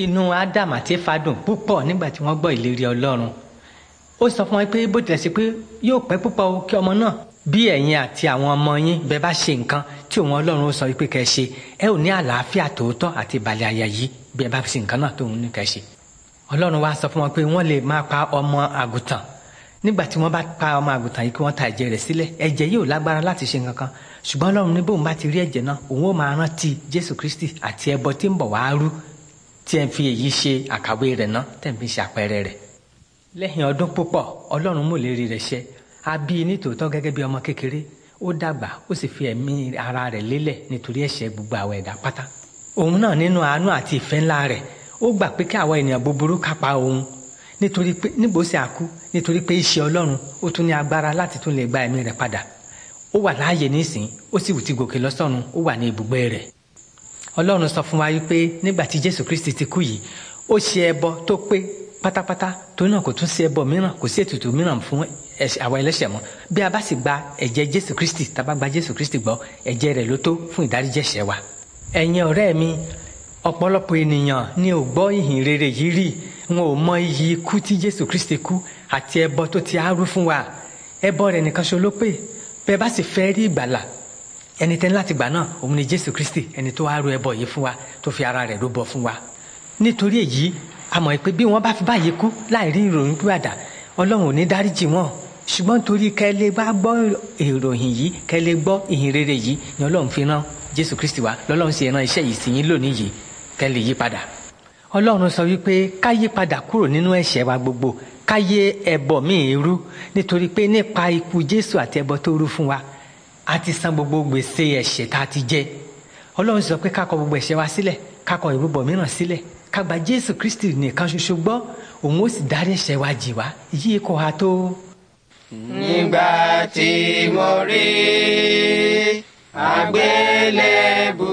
inú ádámù àti éfà dùn púpọ̀ nígbà tí wọ́n gbọ́ ìlérí ọlọ́run ó sọ fún wọn pé bó tilẹ̀ sí pé yóò pẹ́ púpọ̀ kí ọmọ náà bí ẹ̀yin àti àwọn ọmọ yín bẹ bá ṣe nǹkan tí òun ọlọ́run ó sọ pé kẹ́ ẹ ṣe ẹ ò ní àlàáfíà tòótọ́ àti ìbàlẹ̀ àyà yìí bí ẹ bá ṣe nǹkan náà tóun ní kẹ́ ẹ ṣe ọlọ́run wá sọ fún wọn pé wọ́n lè máa pa ọmọ àgùntàn nígbà tí wọ́n bá pa ọmọ àgùntàn yìí kí wọ́n ta ẹ̀jẹ̀ rẹ̀ sílẹ̀ ẹ̀jẹ̀ yìí ò lágbára láti ṣe nǹkan kan ṣùgbọ́n ọlọ́run ní bóun bá ti rí ẹ̀jẹ̀ náà òun ó máa rántí Jésù Kristi àti ẹbọ tí ń bọ̀ wá rú tí ẹ fi èyí ṣe àkàwé rẹ̀ ná tẹ̀ ń fi ṣe àpẹẹrẹ rẹ̀ lẹ́yìn ọdún púpọ̀ ọlọ́run mú ìlérí rẹ̀ ṣẹ a bí i nítòótọ́ gẹ́gẹ́ bí ọmọ kékeré ó dàgbà ó sì fi ẹ̀mí ara rẹ̀ lélẹ̀ nítorí ẹ̀ṣẹ̀ gbogbo àwọn ẹ̀dá pátá òun náà nínú àánú àti ìfẹ́ ńlá rẹ̀ ó gbà pé kí àwọn ènìyàn búburú kápá òun nítorí pé nígbòsí àkú nítorí pé iṣẹ́ ọlọ́run ó tún ní agbára láti tún lè gba ẹ̀mí rẹ̀ padà ó wà láàyè nísìn ó sì wù ọlọ́run sọ fún wa yìí pé nígbà tí jésù kristi ti kú yìí ó ṣe ẹbọ tó pé pátápátá tó náà kò tún sí ẹbọ mìíràn kò sí ètùtù mìíràn fún àwa ẹlẹ́ṣẹ̀ mọ́ bí a bá sì gba ẹ̀jẹ̀ jésù kristi tá a gba jésù kristi gbọ́ ẹ̀jẹ̀ rẹ̀ ló tó fún ìdáríjẹ̀ṣẹ̀ wa. ẹ̀yin ọ̀rẹ́ mi ọ̀pọ̀lọpọ̀ ènìyàn ni ò gbọ́ ìhìn rere yìí rí wọn ò mọ iyì ikú tí jésù kristi kú àti ẹbọ tó ti á rú fún wa ẹbọ rẹ̀ nìkan ṣo pé bẹ́ẹ̀ bá sì fẹ́ rí ìgbàlà ẹni tẹ́ láti gbà náà òun ni jésù kristi ẹni tó wá ru ẹbọ yìí fún wa tó fi ara rẹ̀ rúbọ fún wa nítorí èyí a mọ̀ pé bí wọ́n bá fi báyìí kú láì rí ìròyìn pípadà ọlọ́run ò ní dáríjì wọn ṣùgbọ́n torí kẹ́lẹ́ bá gbọ́ ìròyìn yìí kẹ́lẹ́ gbọ́ ìhìn rere yìí ni ọlọ́run fi rán jésù kristi wá lọ́lọ́run sì rán iṣẹ́ yìí sí yín lónìí yìí kẹ́lẹ́ yí padà ọlọ́run sọ wípé ká yí padà kúrò nínú ẹ̀ṣẹ̀ wa gbogbo ká yé ẹbọ míì rú nítorí pé nípa ikú jésù àti ẹbọ tó rú fún wa a ti san gbogbo gbèsè ẹ̀ṣẹ̀ tá a ti jẹ ọlọ́run sọ pé ká gbogbo ẹ̀ṣẹ̀ wa sílẹ̀ ká kọ mìíràn sílẹ̀ ká jésù kristi nìkan ṣoṣo gbọ́ òun ó sì dárí ẹ̀ṣẹ̀ wa jì wá yí kò ha tó. nígbà tí mo rí àgbélébù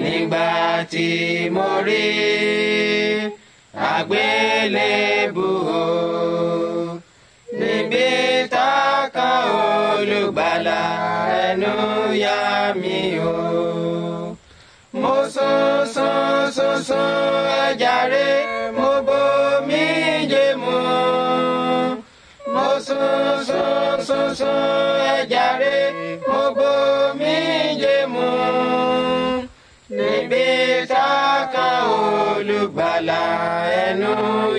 nígbà tí mo rí àgbélébù. ṣàánú yá mi o. mo sún sún sún sún ẹ̀jàre mo bomi jẹ mu. mo sún sún sún sún ẹ̀jàre mo bomi jẹ mu. níbi tá a kan olùgbàlà ẹnu